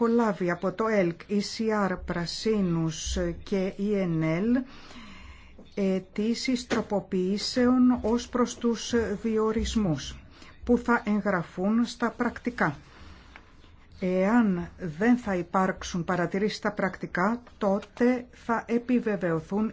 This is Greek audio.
έχω από το ΕΛΚ, ECR, Πρασίνους και ΕΝΕΛ, αιτήσεις τροποποιήσεων ως προς τους διορισμούς που θα εγγραφούν στα πρακτικά. Εάν δεν θα υπάρξουν παρατηρήσεις στα πρακτικά, τότε θα επιβεβαιωθούν